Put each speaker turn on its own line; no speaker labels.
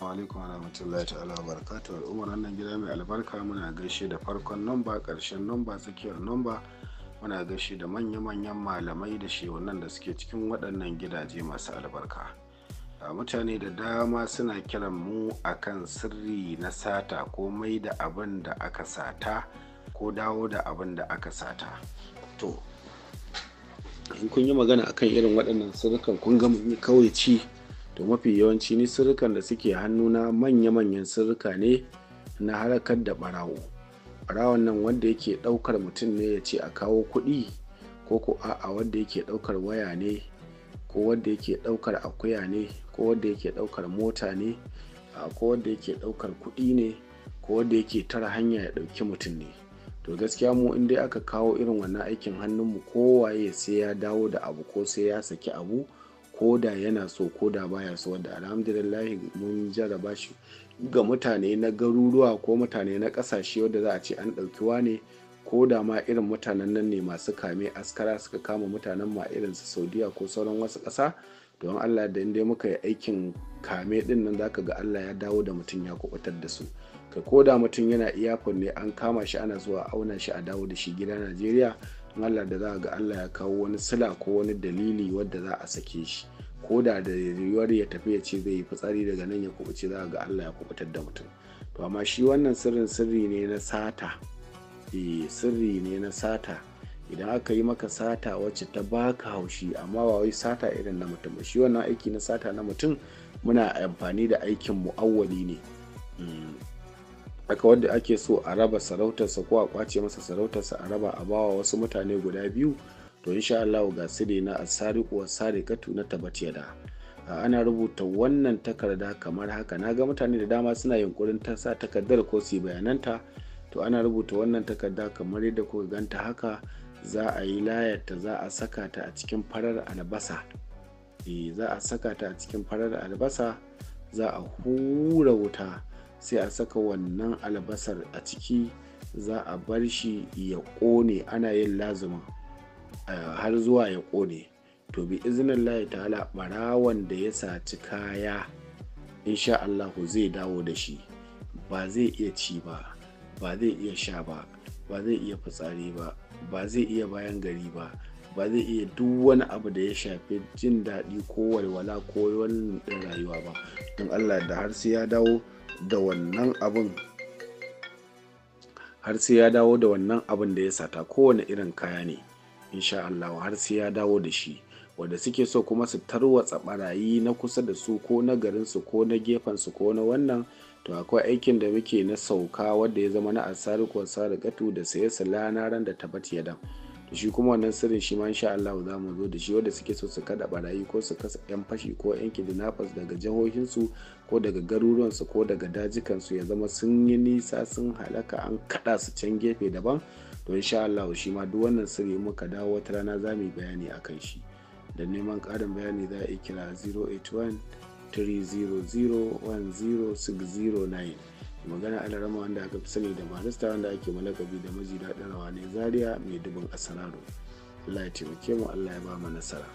Assalamu alaikum warahmatullahi ta'ala barakatuh al'ummar wannan gida mai albarka muna gaishe da farkon nomba ƙarshen nomba tsakiyar nomba muna gaishe da manya-manyan malamai da wannan da suke cikin waɗannan gidaje masu albarka mutane da dama suna kiran mu akan sirri na sata ko mai da abin da aka sata ko dawo da abin da aka sata to in kun yi magana akan irin waɗannan sirrukan kun ga mun kawai ci to mafi yawanci ni sirrukan da suke hannu na manya-manyan sirrika ne na harkar da barawo barawon nan wanda yake ɗaukar mutum ne ya ce a kawo kuɗi ko ko a'a wanda yake ɗaukar waya ne ko wanda yake ɗaukar akuya ne ko wanda yake ɗaukar mota ne ko wanda yake ɗaukar kuɗi ne ko wanda yake tara hanya ya ɗauki mutum ne to gaskiya mu in dai aka kawo irin wannan aikin hannunmu kowaye sai ya dawo da abu ko sai ya saki abu koda yana so koda baya so wanda alhamdulillahi mun jarraba shi ga mutane na garuruwa ko mutane na kasashe wanda za a ce an ɗauki wane ko da ma irin mutanen nan ne masu kame askara suka kama mutanen ma irin su saudiya ko sauran wasu ƙasa don allah da inda muka yi aikin kame din nan zaka ga allah ya dawo da mutum ya kubutar da su ka koda mutum yana iyakon ne an kama shi ana zuwa auna shi a dawo da shi gida najeriya Allah da za a ga Allah ya kawo wani sila ko wani dalili wadda za a sake shi ko da da yiwuwar ya tafi ya ce zai yi fitsari daga nan ya kubuce za ga Allah ya kubutar da mutum to amma shi wannan sirrin sirri ne na sata eh sirri ne na sata idan aka yi maka sata wacce ta baka haushi amma ba wai sata irin na mutum ba shi wannan aiki na sata na mutum muna amfani da aikin mu'awwali ne hmm. aka wanda ake so a raba sarautarsa ko a kwace masa sarautarsa a raba a bawa wasu mutane guda biyu to insha Allah ga sire na asariku wa sarikatu na tabbatiyada ana rubuta wannan takarda kamar haka na ga mutane da dama suna yunkurin ta sa takardar ko su bayananta to ana rubuta wannan takarda kamar yadda kuka ganta haka za a yi layarta za a saka ta a cikin farar albasa eh, za a saka ta a cikin farar albasa za a hura wuta sai a saka wannan albasar a ciki za a bar shi ya ƙone ana yin lazuma har zuwa ya ƙone to bi izinin layi hala ɓarawon da ya saci kaya insha Allahu zai dawo da shi ba zai iya ci ba ba zai iya sha ba ba zai iya fitsari ba ba zai iya bayan gari ba ba zai iya duk wani abu da ya shafi jin daɗi ko walwala ko wani rayuwa ba don allah da har sai ya dawo da wannan abin har sai ya dawo da wannan abin da ya sata kowane irin kaya ne insha Allah har sai ya dawo da shi wanda suke so kuma su tarwatsa barayi na kusa da su ko na garin su ko na gefen su ko na wannan to akwai aikin da muke na sauka wanda ya zama na asarikon sarikatu da saye salana ran da tabbati dan da shi kuma wannan sirrin shi ma insha Allah za mu zo da shi wanda suke so su kada barayi ko su kasa yan fashi ko yan kidnappers daga jihohinsu ko daga garuruwansu ko daga dajikansu ya zama sun yi nisa sun halaka an kada su can gefe daban to insha Allah shi ma duk wannan sirri muka dawo wata rana za mu yi bayani a kan shi da neman karin bayani za a yi kira 081 300 magana alarama wanda aka fi sani da barista wanda ake malakabi da maji daɗin rawa ne zaria mai dubin asararo allah ya taimake mu allah ya ba mu nasara